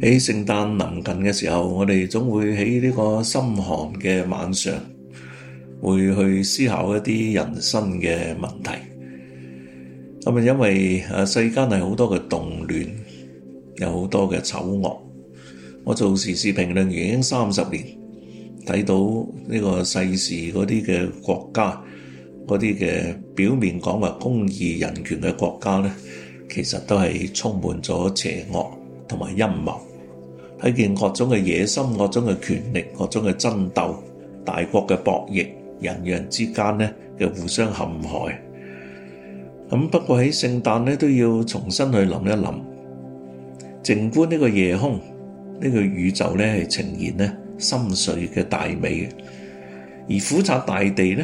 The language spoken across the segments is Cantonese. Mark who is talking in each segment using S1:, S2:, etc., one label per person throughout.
S1: 喺聖誕臨近嘅時候，我哋總會喺呢個心寒嘅晚上，會去思考一啲人生嘅問題。咁啊，因為世間係好多嘅動亂，有好多嘅醜惡。我做時事評論已經三十年，睇到呢個世事嗰啲嘅國家，嗰啲嘅表面講話公義人權嘅國家呢，其實都係充滿咗邪惡同埋陰謀。睇見各種嘅野心、各種嘅權力、各種嘅爭鬥，大國嘅博弈，人與人之間咧嘅互相陷害。不過喺聖誕都要重新去諗一諗，靜觀呢個夜空，呢、這個宇宙咧係呈現咧深邃嘅大美。而俯察大地呢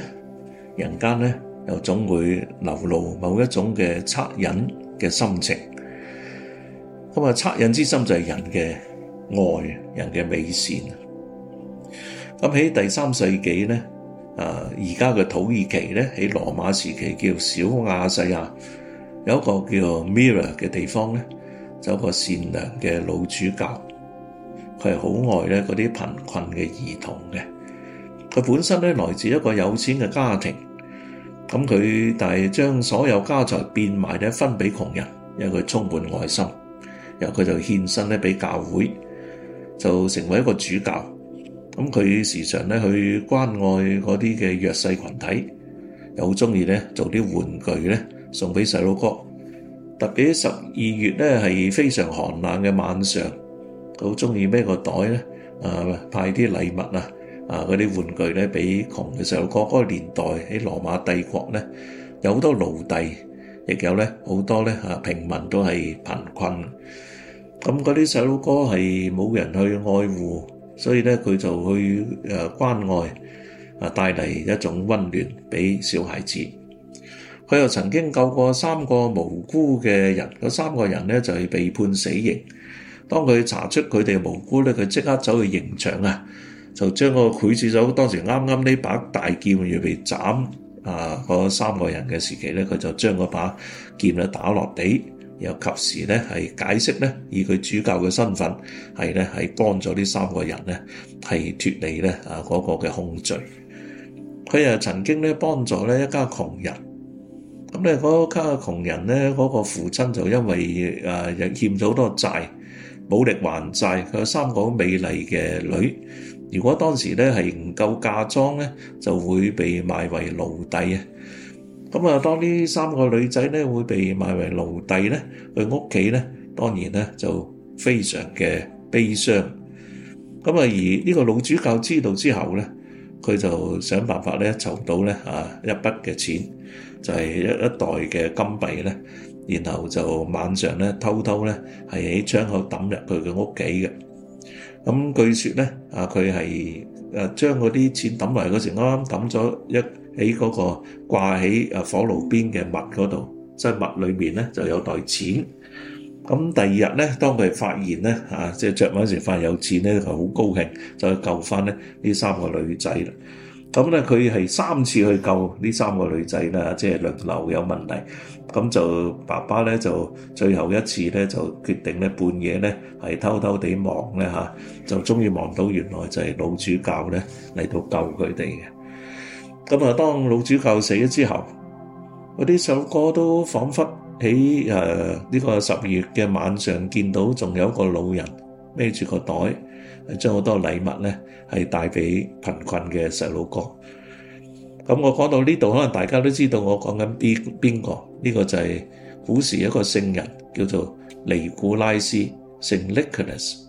S1: 人間呢又總會流露某一種嘅惻隱嘅心情。咁啊，惻隱之心就係人嘅。愛人嘅美善。咁喺第三世紀呢，啊而家嘅土耳其呢，喺羅馬時期叫小亞細亞，有一個叫 Mirror 嘅地方呢，就一個善良嘅老主教，佢係好愛呢嗰啲貧困嘅兒童嘅。佢本身呢，來自一個有錢嘅家庭，咁佢但係將所有家財變賣咧分俾窮人，因為佢充滿愛心，然後佢就獻身咧俾教會。就成為一個主教，咁佢時常咧去關愛嗰啲嘅弱勢群體，又好中意咧做啲玩具咧送俾細佬哥，特別十二月咧係非常寒冷嘅晚上，佢好中意孭個袋咧啊，派啲禮物啊，啊嗰啲玩具咧俾窮嘅細佬哥。嗰個年代喺羅馬帝國咧有好多奴隸，亦有咧好多咧啊平民都係貧困。咁嗰啲細路哥係冇人去愛護，所以咧佢就去誒關愛啊，帶嚟一種溫暖俾小孩子。佢又曾經救過三個無辜嘅人，嗰三個人咧就係被判死刑。當佢查出佢哋無辜咧，佢即刻走去刑場啊，就將個劊子手當時啱啱呢把大劍要被斬啊嗰三個人嘅時期咧，佢就將嗰把劍咧打落地。又及時咧係解釋咧，以佢主教嘅身份係咧係幫助呢三個人咧係脫離咧啊嗰個嘅控罪。佢又曾經咧幫助咧一家窮人。咁咧嗰家窮人咧嗰個父親就因為啊欠咗好多債，冇力還債。佢有三個好美麗嘅女。如果當時咧係唔夠嫁妝咧，就會被賣為奴婢奴隸啊！咁啊，當呢三個女仔咧會被賣為奴隸咧，佢屋企咧當然咧就非常嘅悲傷。咁啊，而呢個老主教知道之後咧，佢就想辦法咧籌到咧啊一筆嘅錢，就係一袋嘅金幣咧，然後就晚上咧偷偷咧係喺窗口揼入佢嘅屋企嘅。咁據說咧啊，佢係誒將嗰啲錢揼嚟嗰時，啱啱揼咗一喺嗰個掛喺火爐邊嘅襪嗰度，即係襪裏面咧就有袋錢。咁第二日咧，當佢發現咧、啊、即係着陣時發現有錢咧，佢好高興，就去救翻咧呢三個女仔啦。咁咧佢係三次去救呢三個女仔啦、啊，即係輪流有問題。咁就爸爸咧就最後一次咧就決定咧半夜咧係偷偷地望咧、啊、就終於望到原來就係老主教咧嚟到救佢哋嘅。咁啊，當老主教死咗之後，我啲細路哥都彷彿喺呢、呃呢個十二月嘅晚上見到，仲有一個老人孭住個袋，將好多禮物呢係帶俾貧困嘅細路哥。咁我講到呢度，可能大家都知道我講緊邊邊個？呢、呢個就係古時一個聖人，叫做尼古拉斯，聖 Nicholas。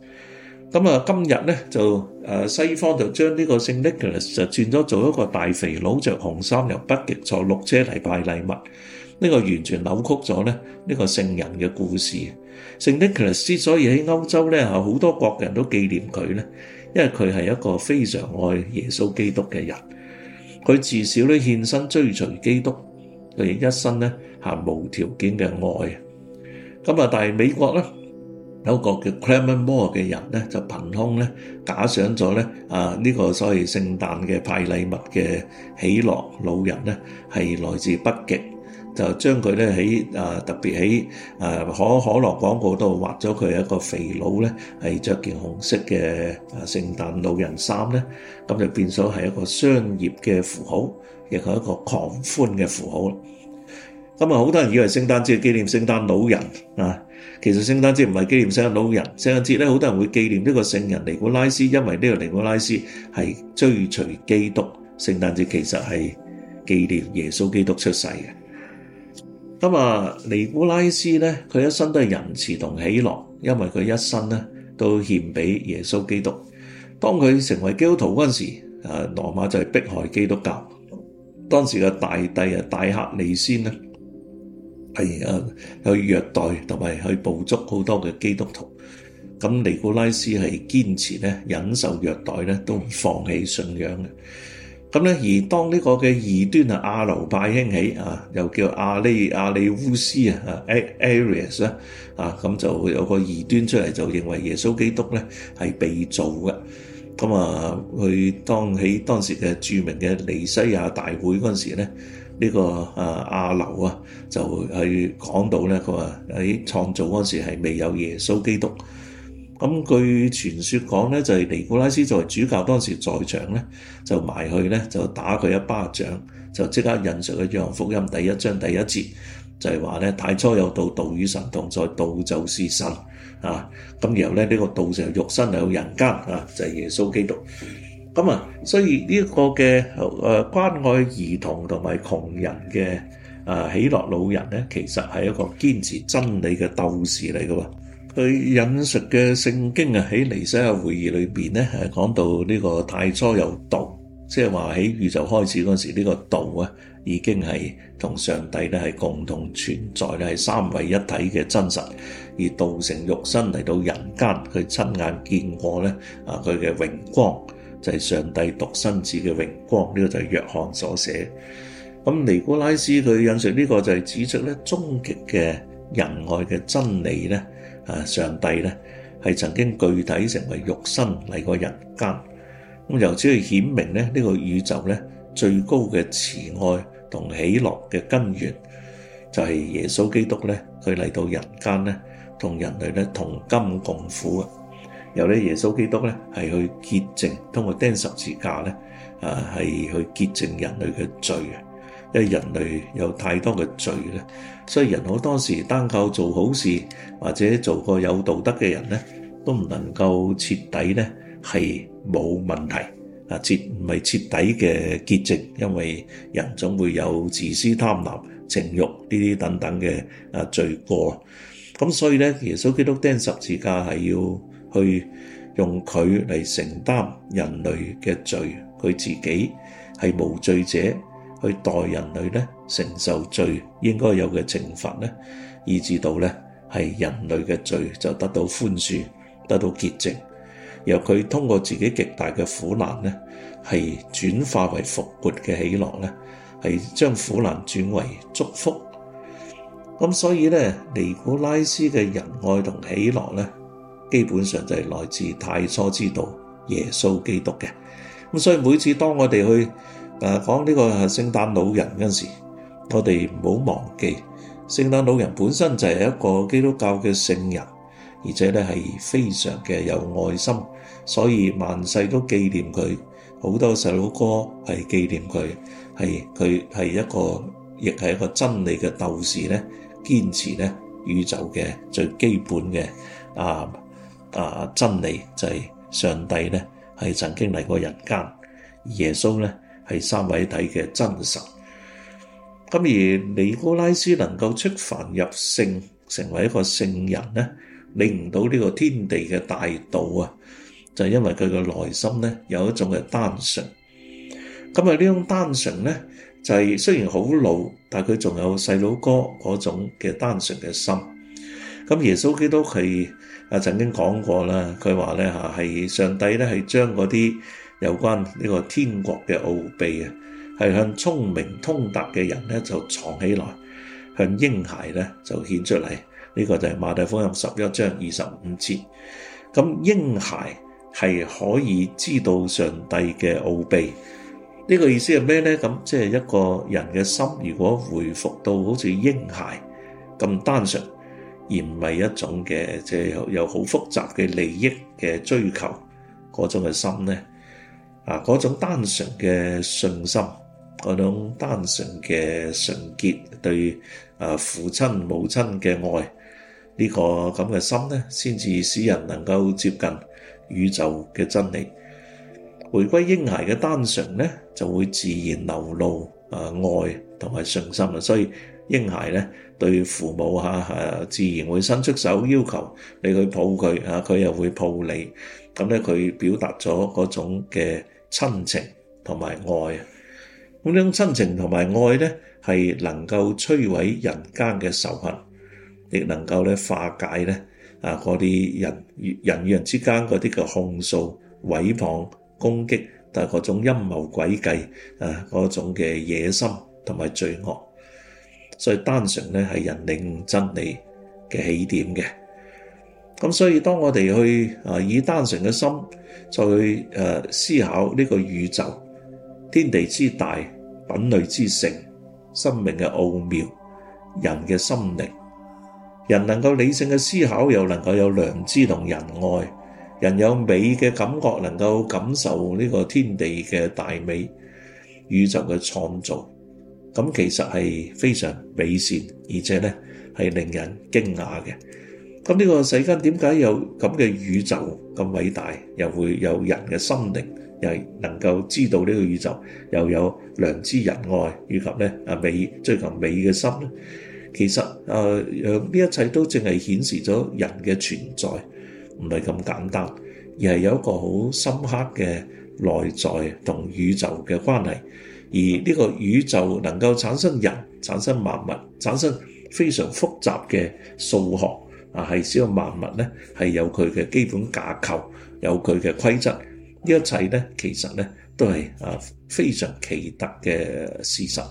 S1: 咁啊，今日咧就誒西方就將呢個聖尼克就轉咗做一個大肥佬，著紅衫由北極坐綠車嚟拜禮物。呢個完全扭曲咗咧呢個聖人嘅故事。聖尼克之所以喺歐洲咧，係好多國人都紀念佢咧，因為佢係一個非常愛耶穌基督嘅人。佢至少咧獻身追隨基督，佢一生咧行無條件嘅愛。咁啊，但係美國咧。有個叫 Clement Moore 嘅人咧，就憑空咧，假想咗咧啊呢個所謂聖誕嘅派禮物嘅喜樂老人咧，係來自北極，就將佢咧喺啊特別喺啊可可樂廣告度畫咗佢一個肥佬咧，係着件紅色嘅啊聖誕老人衫咧，咁就變咗係一個商業嘅符號，亦係一個狂歡嘅符號。咁啊，好多人以為聖誕節紀念聖誕老人啊。其實聖誕節唔係紀念聖誕老人，聖誕節呢，好多人會紀念呢個聖人尼古拉斯，因為呢個尼古拉斯係追隨基督。聖誕節其實係紀念耶穌基督出世嘅。咁啊，尼古拉斯呢，佢一生都係仁慈同喜樂，因為佢一生呢都獻畀耶穌基督。當佢成為基督徒嗰陣時，啊，羅馬就係迫害基督教。當時嘅大帝啊，戴克里先係啊，去虐待同埋去捕捉好多嘅基督徒。咁尼古拉斯係堅持咧，忍受虐待咧，都唔放棄信仰嘅。咁咧，而當呢個嘅異端啊，亞流派興起啊，又叫阿里阿里烏斯啊，Arius 啦啊，咁就有個異端出嚟，就認為耶穌基督咧係被造嘅。咁啊，去當喺當時嘅著名嘅尼西亞大會嗰陣時咧，呢、這個啊亞流啊就去講到咧，佢話喺創造嗰時係未有耶穌基督。咁據傳說講咧，就係、是、尼古拉斯作為主教當時在場咧，就埋去咧就打佢一巴掌，就即刻引述《嘅約翰福音》第一章第一節。就係話咧，太初有道，道與神同在，道就是神啊。咁然後咧，呢、這個道就肉身喺人間啊，就係、是、耶穌基督。咁啊，所以呢個嘅誒、呃、關愛兒童同埋窮人嘅啊喜樂老人咧，其實係一個堅持真理嘅鬥士嚟㗎嘛。佢引述嘅聖經啊，喺尼西亞會議裏邊咧，係講到呢個太初有道，即係話喺宇宙開始嗰陣時，呢、這個道啊。已經係同上帝係共同存在，係三位一體嘅真實。而道成肉身嚟到人間，佢親眼見過咧啊，佢嘅榮光就係上帝獨生子嘅榮光，呢個就係約翰所寫。咁尼古拉斯佢引述呢個就係指出呢，終極嘅仁愛嘅真理呢啊，上帝呢係曾經具體成為肉身嚟過人間，咁由此去顯明呢，呢個宇宙呢最高嘅慈愛。同喜樂嘅根源就係耶穌基督咧，佢嚟到人間咧，同人類咧同甘共苦啊。然後咧，耶穌基督咧係去潔淨，通過釘十字架咧啊，係去潔淨人類嘅罪嘅，因為人類有太多嘅罪咧，所以人好多時單靠做好事或者做個有道德嘅人咧，都唔能夠徹底咧係冇問題。啊，徹唔係徹底嘅潔淨，因為人總會有自私貪婪、情慾呢啲等等嘅、啊、罪過。咁所以呢，耶穌基督釘十字架係要去用佢嚟承擔人類嘅罪，佢自己係無罪者，去代人類呢承受罪應該有嘅懲罰呢，以至到呢係人類嘅罪就得到寬恕，得到潔淨。由佢通過自己極大嘅苦難，呢係轉化為復活嘅喜樂，呢係將苦難轉為祝福。咁所以呢，尼古拉斯嘅仁愛同喜樂呢，基本上就係來自太初之道耶穌基督嘅。咁所以每次當我哋去講、啊、講呢個聖誕老人嗰時候，我哋唔好忘記，聖誕老人本身就係一個基督教嘅聖人。而且呢係非常嘅有愛心，所以萬世都紀念佢。好多細路哥係紀念佢，係佢係一個亦係一個真理嘅鬥士呢，堅持呢宇宙嘅最基本嘅啊啊真理就係上帝呢係曾經嚟過人間，耶穌呢係三位體嘅真神。咁而尼古拉斯能夠出凡入聖，成為一個聖人呢。令到呢個天地嘅大道啊，就是，因為佢嘅內心呢，有一種嘅單純。咁呢種單純呢，就係雖然好老，但佢仲有細佬哥嗰種嘅單純嘅心。咁耶穌基督佢曾經講過啦，佢話呢係上帝呢係將嗰啲有關呢個天國嘅奧秘啊，係向聰明通達嘅人呢，就藏起來，向嬰孩呢，就顯出嚟。呢、這個就係馬太福音十一章二十五節。咁嬰孩係可以知道上帝嘅奧秘。呢、這個意思係咩呢？咁即係一個人嘅心，如果回復到好似嬰孩咁單純，而唔係一種嘅即係又好複雜嘅利益嘅追求嗰種嘅心呢，啊，嗰種單純嘅信心，嗰種單純嘅純潔，對啊父親母親嘅愛。呢個咁嘅心咧，先至使人能夠接近宇宙嘅真理，回歸嬰孩嘅單純咧，就會自然流露啊愛同埋信心啊，所以嬰孩咧對父母啊，自然會伸出手要求你去抱佢啊，佢又會抱你，咁咧佢表達咗嗰種嘅親情同埋愛。咁樣親情同埋愛咧，係能夠摧毀人間嘅仇恨。亦能夠咧化解咧啊，嗰啲人人與人之間嗰啲嘅控訴、誹謗、攻擊，但係嗰種陰謀詭計啊，嗰種嘅野心同埋罪惡，所以單純咧係人領真理嘅起點嘅。咁所以當我哋去啊，以單純嘅心再去誒思考呢個宇宙天地之大、品類之盛、生命嘅奧妙、人嘅心靈。人能夠理性的思考，又能夠有良知同仁愛，人有美的感覺，能夠感受這個天地的大美宇宙的創造。咁其實是非常美善，而且呢，是令人驚訝的。咁這個世間點解有這樣的宇宙咁偉大，又會有人的心靈，又能夠知道這個宇宙，又有良知仁愛，以及呢，追求美的心？其實，誒、呃，呢一切都淨係顯示咗人嘅存在，唔係咁簡單，而係有一個好深刻嘅內在同宇宙嘅關係。而呢個宇宙能夠產生人、產生萬物、產生非常複雜嘅數學啊，係呢個萬物呢係有佢嘅基本架構、有佢嘅規則。呢一切呢，其實呢都係啊非常奇特嘅事實。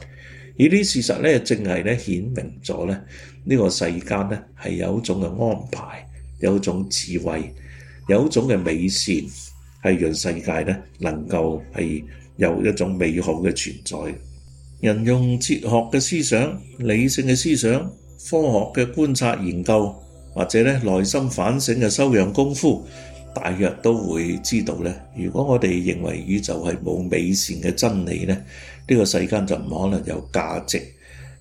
S1: 而啲事實呢，正係顯明咗咧，呢個世間呢，係有一種嘅安排，有一種智慧，有一種嘅美善，係讓世界呢能夠係有一種美好嘅存在。人用哲學嘅思想、理性嘅思想、科學嘅觀察研究，或者呢內心反省嘅修養功夫，大約都會知道呢：如果我哋認為宇宙係冇美善嘅真理呢。呢個世間就唔可能有價值，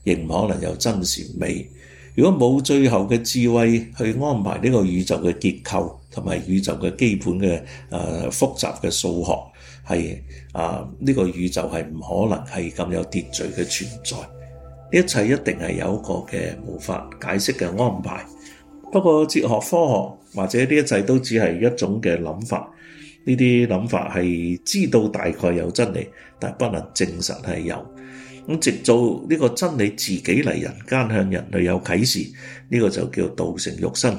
S1: 亦唔可能有真善美。如果冇最後嘅智慧去安排呢個宇宙嘅結構，同埋宇宙嘅基本嘅呃複雜嘅數學，係啊，呢個宇宙係唔可能係咁有秩序嘅存在。呢一切一定係有一個嘅無法解釋嘅安排。不過哲學、科學或者呢一切都只係一種嘅諗法。呢啲諗法係知道大概有真理，但係不能證實係有。咁直到呢個真理自己嚟人間向人類有啟示，呢個就叫道成肉身。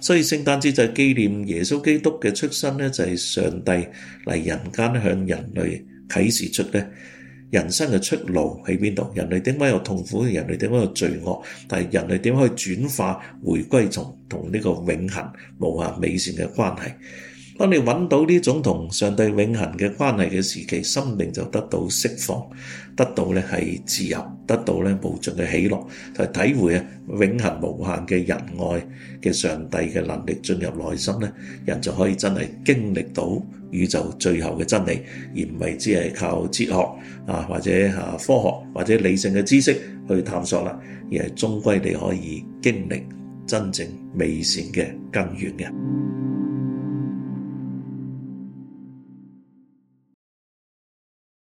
S1: 所以聖誕節就係紀念耶穌基督嘅出生，咧，就係上帝嚟人間向人類啟示出咧人生嘅出路喺邊度？人類點解有痛苦？人類點解有罪惡？但係人類點可以轉化回歸從同呢個永恒無限美善嘅關係？當你搵到呢種同上帝永恒嘅關係嘅時期，心靈就得到釋放，得到咧係自由，得到咧無盡嘅喜樂，就係體會啊永恒無限嘅仁愛嘅上帝嘅能力進入內心咧，人就可以真係經歷到宇宙最後嘅真理，而唔係只係靠哲學啊或者啊科學或者理性嘅知識去探索啦，而係終歸你可以經歷真正美善嘅根源嘅。